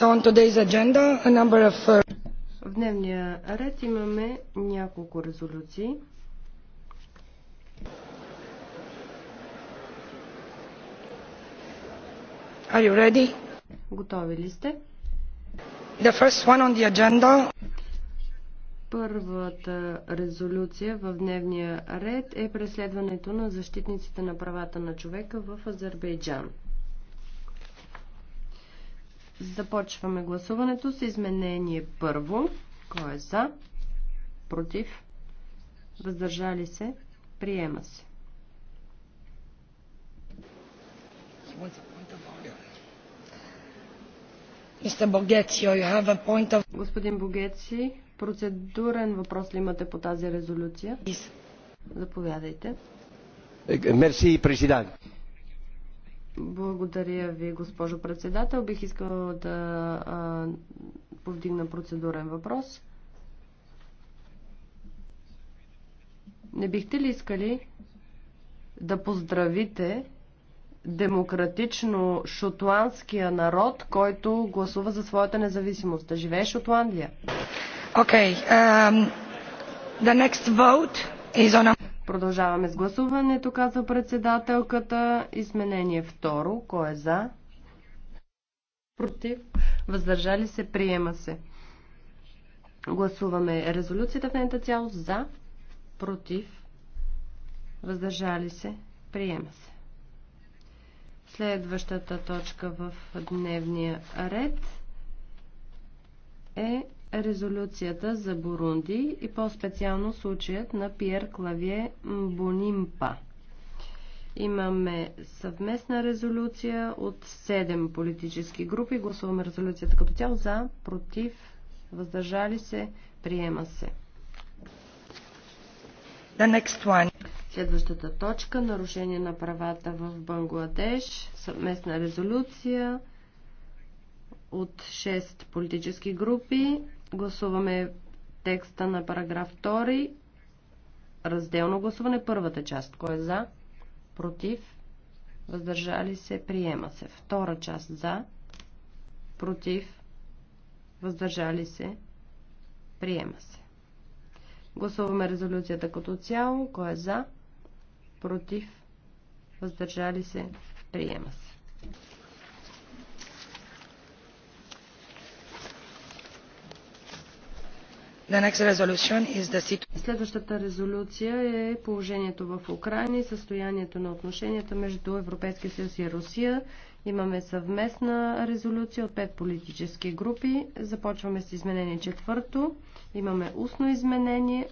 Uh, в дневния ред имаме няколко резолюции. Are you ready? Готови ли сте? The first one on the agenda. Първата резолюция в дневния ред е преследването на защитниците на правата на човека в Азербайджан. Започваме гласуването с изменение първо. Кой е за? Против? Въздържали се? Приема се. Господин Богеци, процедурен въпрос ли имате по тази резолюция? Заповядайте. Е, мерси, президент. Благодаря ви, госпожо председател. Бих искала да а, повдигна процедурен въпрос. Не бихте ли искали да поздравите демократично шотландския народ, който гласува за своята независимост? Да живее Шотландия! Okay, um, the next vote is on a... Продължаваме с гласуването, казва председателката. Изменение второ. Кой е за? Против. Въздържали се. Приема се. Гласуваме резолюцията в нейната цялост. За. Против. Въздържали се. Приема се. Следващата точка в дневния ред е резолюцията за Бурунди и по-специално случаят на Пьер Клавие Бонимпа. Имаме съвместна резолюция от 7 политически групи. Гласуваме резолюцията като цяло за, против, въздържали се, приема се. The next one. Следващата точка – нарушение на правата в Бангладеш, съвместна резолюция от 6 политически групи. Гласуваме текста на параграф 2. Разделно гласуване. Първата част. Кой е за? Против? Въздържали се? Приема се. Втора част. За? Против? Въздържали се? Приема се. Гласуваме резолюцията като цяло. Кой е за? Против? Въздържали се? Приема се. Следващата резолюция е положението в Украина и състоянието на отношенията между Европейския съюз и Русия. Имаме съвместна резолюция от пет политически групи. Започваме с изменение четвърто. Имаме устно изменение.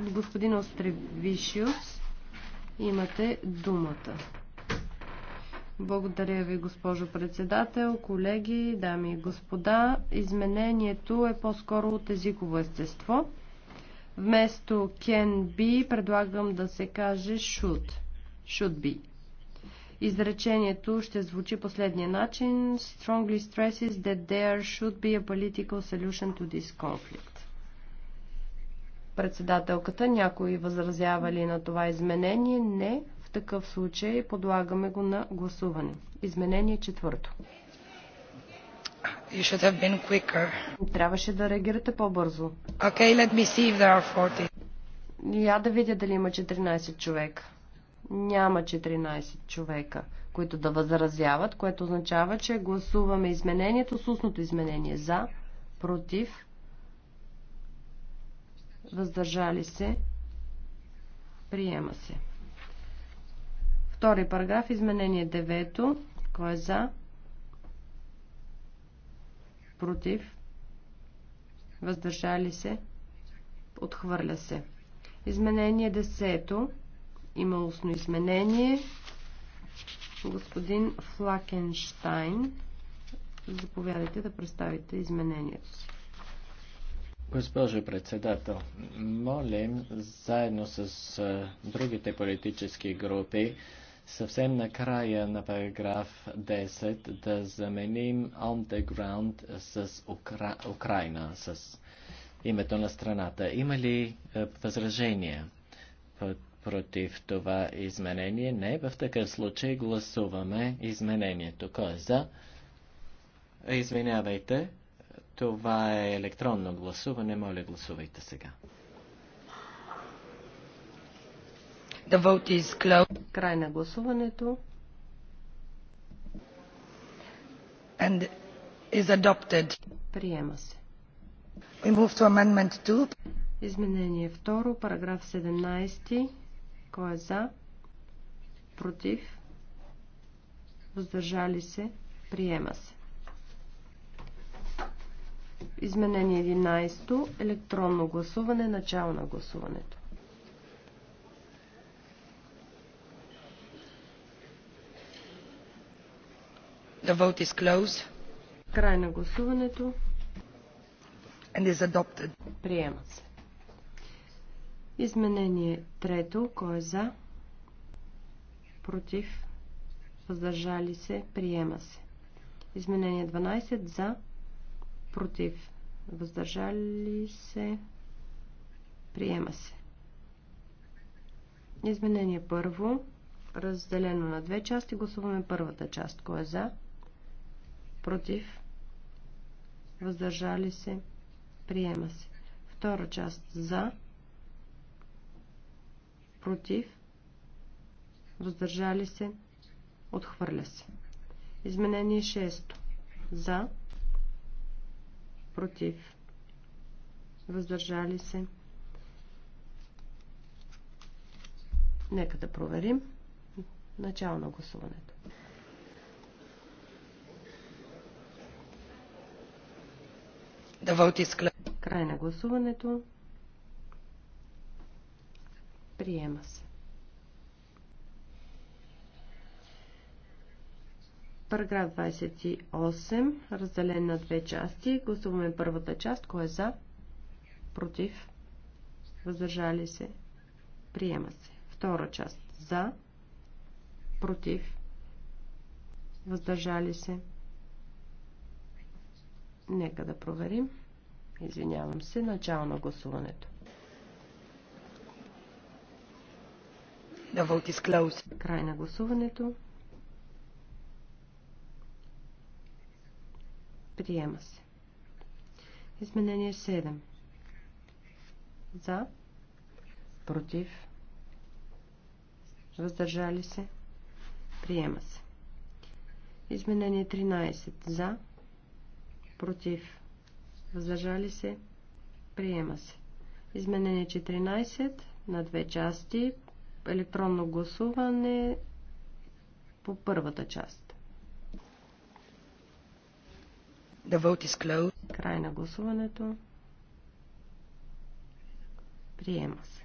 Господин Остревишиус, имате думата. Благодаря ви, госпожо председател, колеги, дами и господа. Изменението е по-скоро от езиково естество. Вместо can be предлагам да се каже should. Should be. Изречението ще звучи последния начин. Strongly stresses that there should be a political solution to this conflict. Председателката, някой възразява ли на това изменение? Не такъв случай подлагаме го на гласуване. Изменение четвърто. You should have been quicker. Трябваше да реагирате по-бързо. Okay, let me see if there are 40. Я да видя дали има 14 човека. Няма 14 човека, които да възразяват, което означава, че гласуваме изменението с устното изменение. За, против, въздържали се, приема се. Втори параграф, изменение 9. Кой е за? Против? Въздържали се? Отхвърля се. Изменение 10. Има устно изменение. Господин Флакенштайн, заповядайте да представите изменението си. Госпожо председател, молим заедно с другите политически групи съвсем накрая на параграф 10 да заменим on the ground с Укра... Украина, с името на страната. Има ли е, възражения против това изменение? Не. В такъв случай гласуваме изменението. Кой е за? Е, извинявайте, това е електронно гласуване. Моля, гласувайте сега. The vote is closed. Край на гласуването. And is adopted. Приема се. We move to amendment 2. Изменение второ, параграф 17. Кой е за? Против? Въздържали се? Приема се. Изменение 11. Електронно гласуване. Начало на гласуването. Край на гласуването. And is adopted. Приема се. Изменение трето. Кой е за? Против? Въздържали се? Приема се. Изменение 12. За? Против? Въздържали се? Приема се. Изменение първо. Разделено на две части. Гласуваме първата част. Кой е за? против, въздържали се, приема се. Втора част за, против, въздържали се, отхвърля се. Изменение 6. За, против, въздържали се. Нека да проверим начало на гласуването. Край на гласуването. Приема се. Параграф 28, разделен на две части. Гласуваме първата част. Кое е за? Против? Въздържали се? Приема се. Втора част. За? Против? Въздържали се? Нека да проверим. Извинявам се. Начало на гласуването. Край на гласуването. Приема се. Изменение 7. За. Против. Въздържали се. Приема се. Изменение 13. За против, въздържали се, приема се. Изменение 14 на две части, електронно гласуване по първата част. The vote is closed. Край на гласуването. Приема се.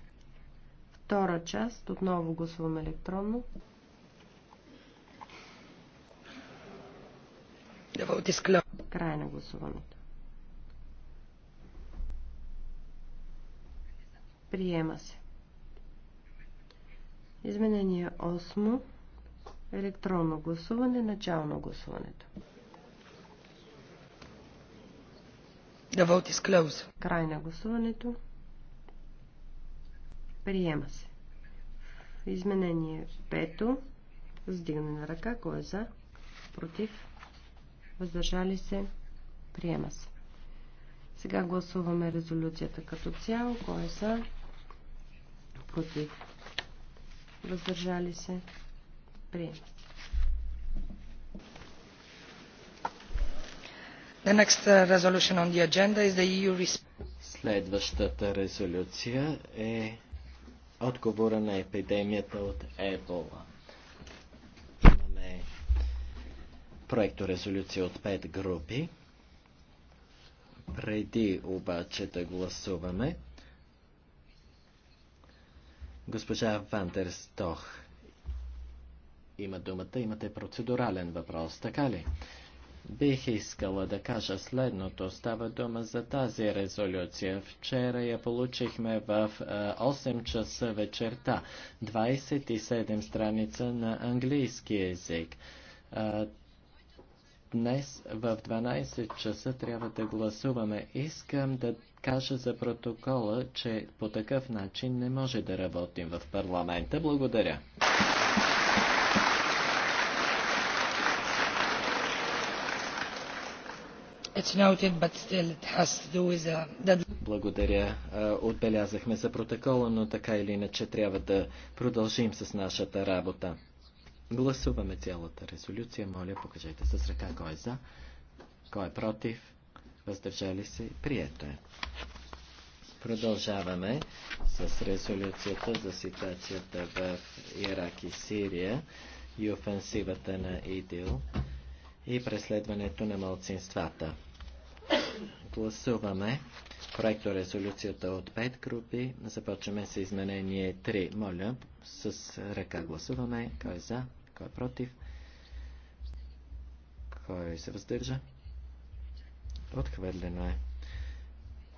Втора част, отново гласуваме електронно. Край на гласуването. Приема се. Изменение 8. Електронно гласуване. Начало на гласуването. Край на гласуването. Приема се. Изменение 5. Сдигане на ръка. Кой е за? Против? въздържали се, приема се. Сега гласуваме резолюцията като цяло. Кой са? Е за? Против. Въздържали се. Приема. The next uh, resolution on the agenda is the EU Следващата резолюция е отговора на епидемията от Ебола. резолюция от пет групи. Преди обаче да гласуваме, госпожа Вандерстох има думата, имате процедурален въпрос, така ли? Бих искала да кажа следното. Става дума за тази резолюция. Вчера я получихме в 8 часа вечерта. 27 страница на английски язик. Днес в 12 часа трябва да гласуваме. Искам да кажа за протокола, че по такъв начин не може да работим в парламента. Благодаря. Благодаря. Отбелязахме за протокола, но така или иначе трябва да продължим с нашата работа. Гласуваме цялата резолюция. Моля, покажете с ръка кой е за, кой е против, въздържали се, прието е. Продължаваме с резолюцията за ситуацията в Ирак и Сирия и офенсивата на ИДИЛ и преследването на малцинствата. Гласуваме проекто резолюцията от 5 групи. Започваме с изменение 3. Моля, с ръка гласуваме. Кой е за? Кой е против? Кой се въздържа? Отхвърлено е.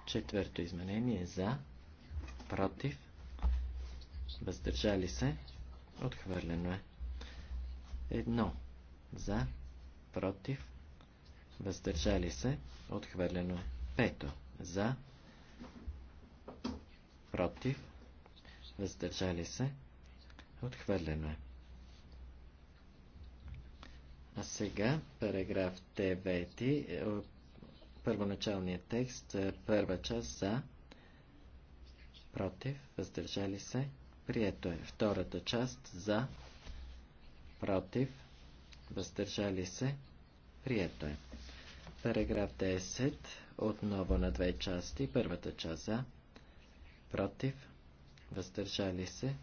Четвърто изменение е за, против, въздържали се, отхвърлено е. Едно за, против, въздържали се, отхвърлено е. Пето за, против, въздържали се, отхвърлено е. А сега параграф 9, е, първоначалният текст, е, първа част за, против, въздържали се, прието е. Втората част за, против, въздържали се, прието е. Параграф 10, отново на две части, първата част за, против, въздържали се,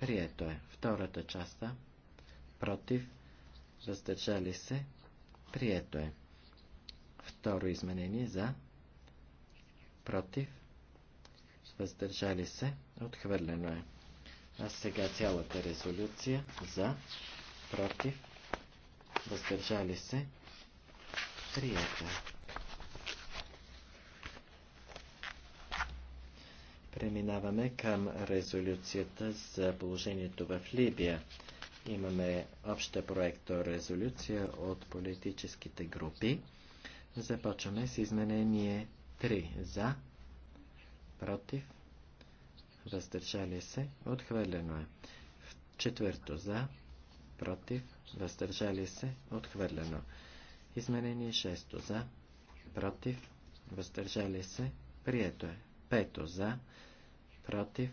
прието е. Втората част за, против, въздържали се, прието е. Второ изменение за, против, въздържали се, отхвърлено е. А сега цялата резолюция за, против, въздържали се, прието е. Преминаваме към резолюцията за положението в Либия. Имаме обща проекта резолюция от политическите групи. Започваме с изменение 3. За, против, въздържали се, отхвърлено е. Четвърто за, против, въздържали се, отхвърлено. Изменение 6 за, против, въздържали се, прието е. Пето за, против,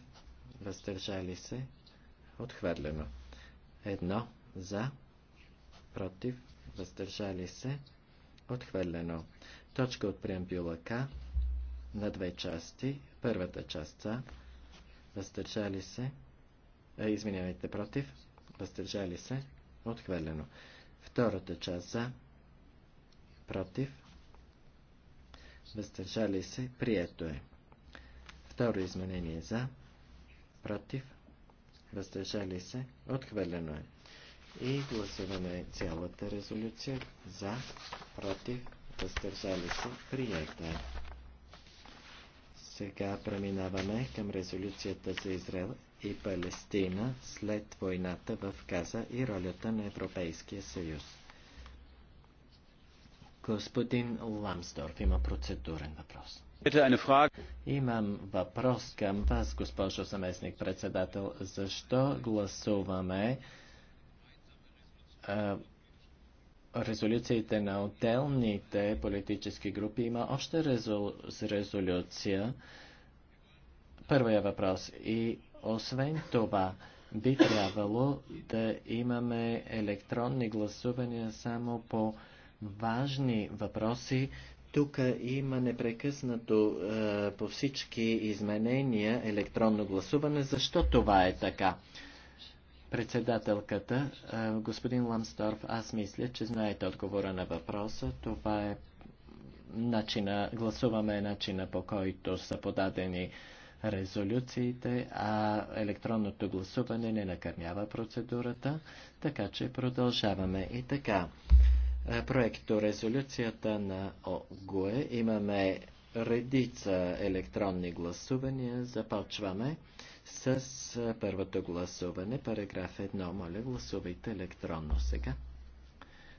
въздържали се, отхвърлено. Едно за, против, въздържали се, отхвърлено. Точка от преамбюла К на две части. Първата част за, въздържали се, а, е, извинявайте, против, въздържали се, отхвърлено. Втората част за, против, въздържали се, прието е. Второ изменение за, против, въздържали се, отхвърлено е. И гласуваме цялата резолюция за, против, въздържали се, приета. е. Сега преминаваме към резолюцията за Израел и Палестина след войната в Каза и ролята на Европейския съюз. Господин Ламсдорф има процедурен въпрос. Имам въпрос към вас, госпожо заместник председател. Защо гласуваме а, резолюциите на отделните политически групи? Има още резолюция. Първия въпрос. И освен това, би трябвало да имаме електронни гласувания само по важни въпроси, тук има непрекъснато е, по всички изменения електронно гласуване. Защо това е така? Председателката, е, господин Ламсторф, аз мисля, че знаете отговора на въпроса. Това е начина, гласуваме начина по който са подадени резолюциите, а електронното гласуване не накърнява процедурата, така че продължаваме и така. Е, проекто резолюцията на ОГУЕ. Имаме редица електронни гласувания. Започваме с е, първото гласуване. Параграф 1. Моля, гласувайте електронно сега.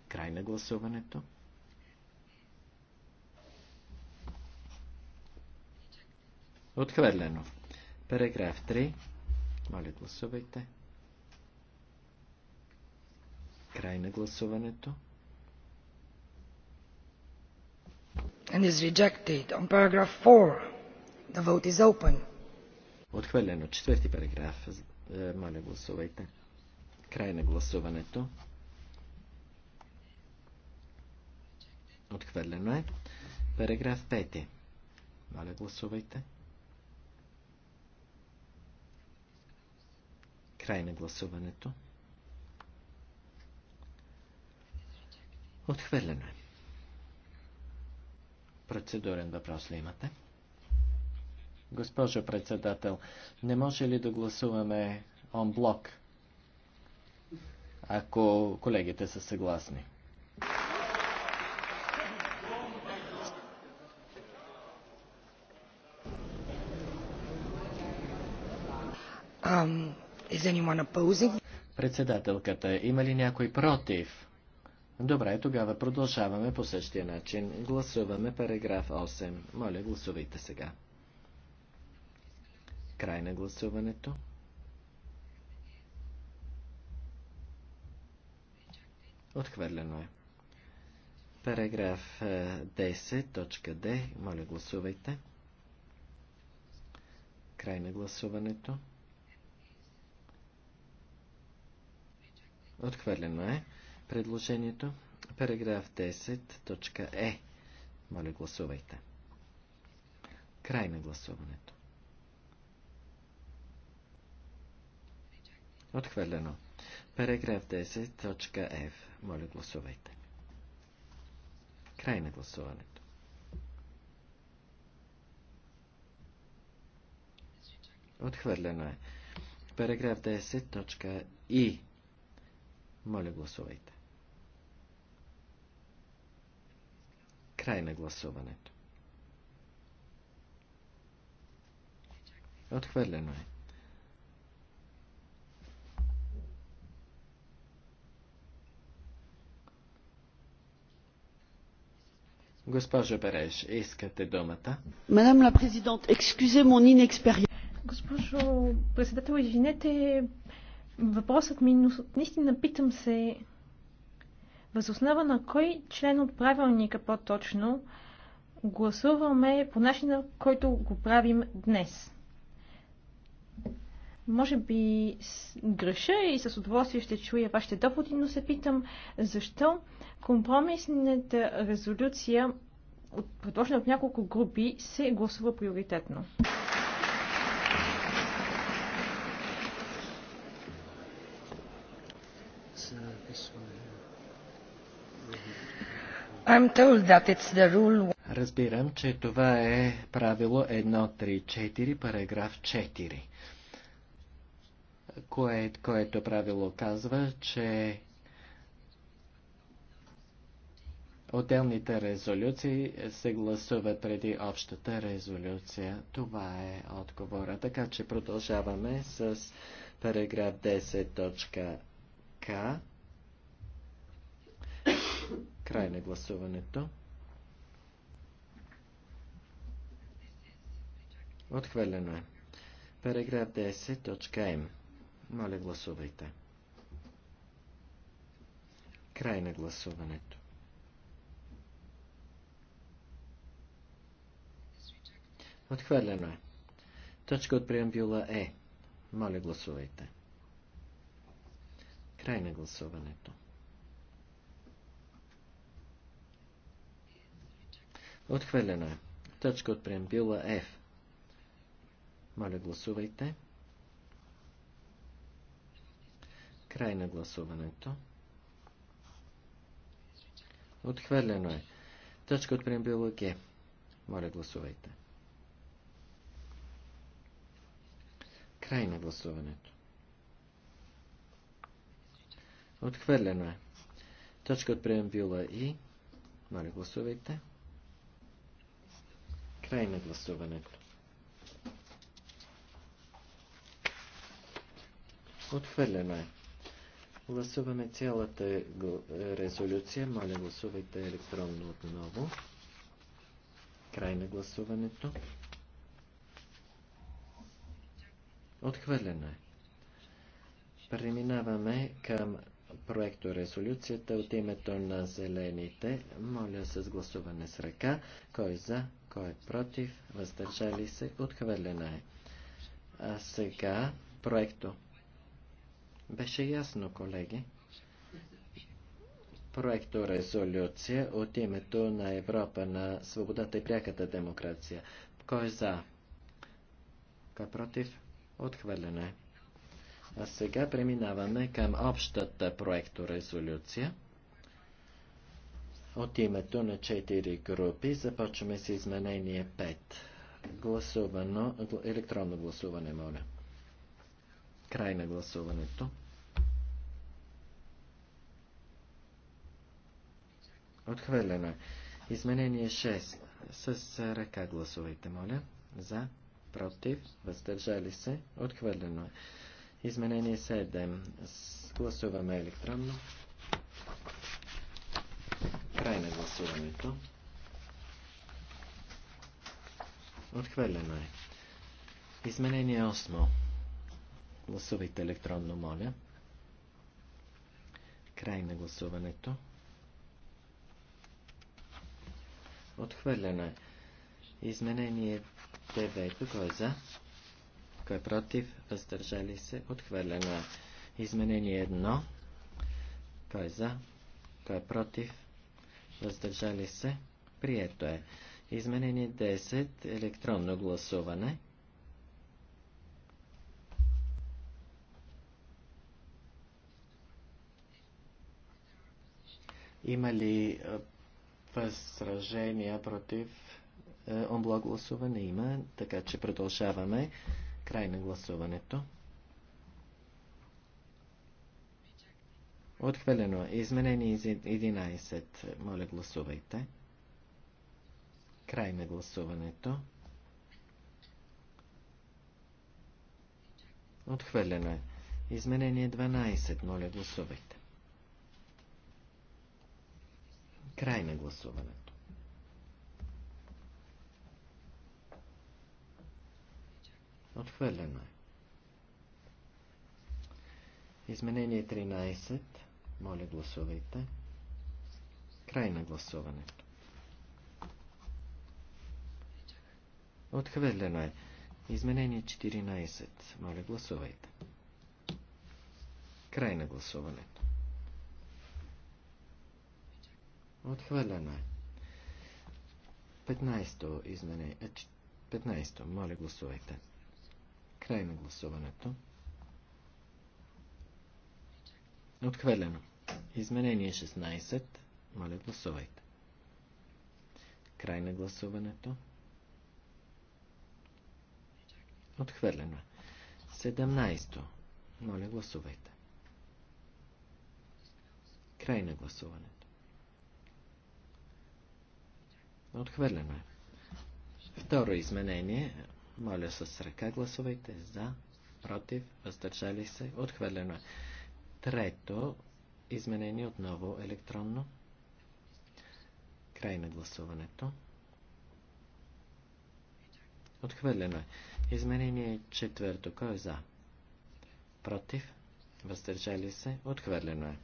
Край на гласуването. Отхвърлено. Параграф 3. Моля, гласувайте. Край на гласуването. and is rejected. On paragraph 4, the vote is open. Отхвърлено. Четвърти параграф. Е, моля, гласувайте. Край на гласуването. Отхвърлено е. Параграф 5. Моля, гласувайте. Край на гласуването. Отхвърлено е. Процедурен въпрос ли имате? Госпожо председател, не може ли да гласуваме онблок, ако колегите са съгласни? Um, Председателката, има ли някой против? Добре, тогава продължаваме по същия начин. Гласуваме параграф 8. Моля, гласувайте сега. Край на гласуването. Отхвърлено е. Параграф 10.d. Е, Моля, гласувайте. Край на гласуването. Отхвърлено е предложението. Параграф 10, точка Е. Моля, гласувайте. Край на гласуването. Отхвърлено. Параграф 10, точка Ф. Моля, гласувайте. Край на гласуването. Отхвърлено е. Параграф 10, точка И. Моля, гласувайте. Край на гласуването. Отхвърлено е. Госпожо Береш, искате думата? Мадам ла президент, екскюзе мон инекспериен. Госпожо председател, извинете, въпросът ми, но наистина питам се, Възоснова на кой член от правилника по-точно гласуваме по начина, който го правим днес? Може би с греша и с удоволствие ще чуя вашите доводи, но се питам защо компромисната резолюция, предложена от няколко групи, се гласува приоритетно. Разбирам, че това е правило 1.3.4, параграф 4, кое, което правило казва, че Отделните резолюции се гласуват преди общата резолюция. Това е отговора. Така че продължаваме с параграф 10.к. Край на гласуването. Отхвърлено е. Параграф 10.м. Моля, гласувайте. Край на гласуването. Отхвърлено е. Точка от преамбюла Е. Моля, гласувайте. Край на гласуването. Отхвърлено е. Точка от преамбюла F. Моля, гласувайте. Край на гласуването. Отхвърлено е. Точка от преамбюла Г. Моля, гласувайте. Край на гласуването. Отхвърлено е. Точка от преамбюла И. Моля, гласувайте. Край на гласуването. Отхвърлено е. Гласуваме цялата резолюция. Моля, гласувайте електронно отново. Край на гласуването. Отхвърлено е. Преминаваме към проекто резолюцията от името на зелените. Моля с гласуване с ръка. Кой е за? Кой е против? Въздържали се? Отхвърлена е. А сега проекто. Беше ясно, колеги. Проекто резолюция от името на Европа на свободата и пряката демокрация. Кой е за? Кой е против? Отхвърлена е. А сега преминаваме към общата проекторезолюция. резолюция. От името на 4 групи започваме с изменение 5. Гласувано, електронно гласуване, моля. Край на гласуването. Отхвърлено е. Изменение 6. С ръка гласувайте, моля. За, против, въздържали се. Отхвърлено е. Изменение 7. Гласуваме електронно. Край на гласуването. Отхвърлено е. Изменение 8. Гласувайте електронно, моля. Край на гласуването. Отхвърлено е. Изменение 9. Кой е за? Кой е против? Въздържали се? Отхвърлено е. Изменение 1. Кой е за? Кой е против? въздържали се, прието е. Изменени 10, електронно гласуване. Има ли възражения против е, омбло гласуване? Има, така че продължаваме край на гласуването. Отхвърлено. Е. Изменение 11. Моля, гласувайте. Край на гласуването. Отхвърлено е. Изменение 12. Моля, гласувайте. Край на гласуването. Отхвърлено е. Изменение 13. Моля, гласувайте. Край на гласуването. Отхвърлено е. Изменение 14. Моля, гласувайте. Край на гласуването. Отхвърлено е. 15-то изменение. 15-то. Моля, гласувайте. Край на гласуването. Отхвърлено. Изменение 16. Моля, гласувайте. Край на гласуването. Отхвърлено. 17. Е. Моля, гласувайте. Край на гласуването. Отхвърлено е. Второ изменение. Моля с ръка гласувайте за, против, въздържали се. Отхвърлено е. Трето Изменение отново електронно. Край на гласуването. Отхвърлено е. Изменение четвърто. Кой е за? Против? Въздържали се? Отхвърлено е.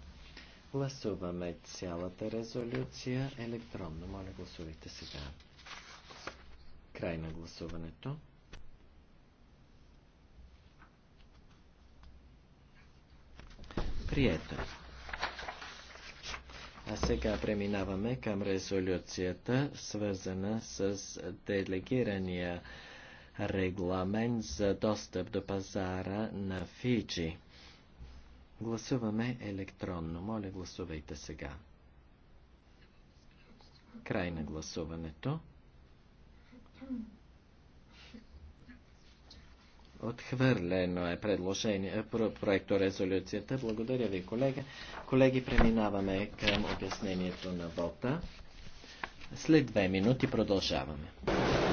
Гласуваме цялата резолюция електронно. Моля, гласувайте сега. Край на гласуването. Прието. Е. А сега преминаваме към резолюцията, свързана с делегирания регламент за достъп до пазара на Фиджи. Гласуваме електронно. Моля, гласувайте сега. Край на гласуването. Отхвърлено е предложение, проекто резолюцията. Благодаря ви, колега. Колеги, преминаваме към обяснението на вота. След две минути продължаваме.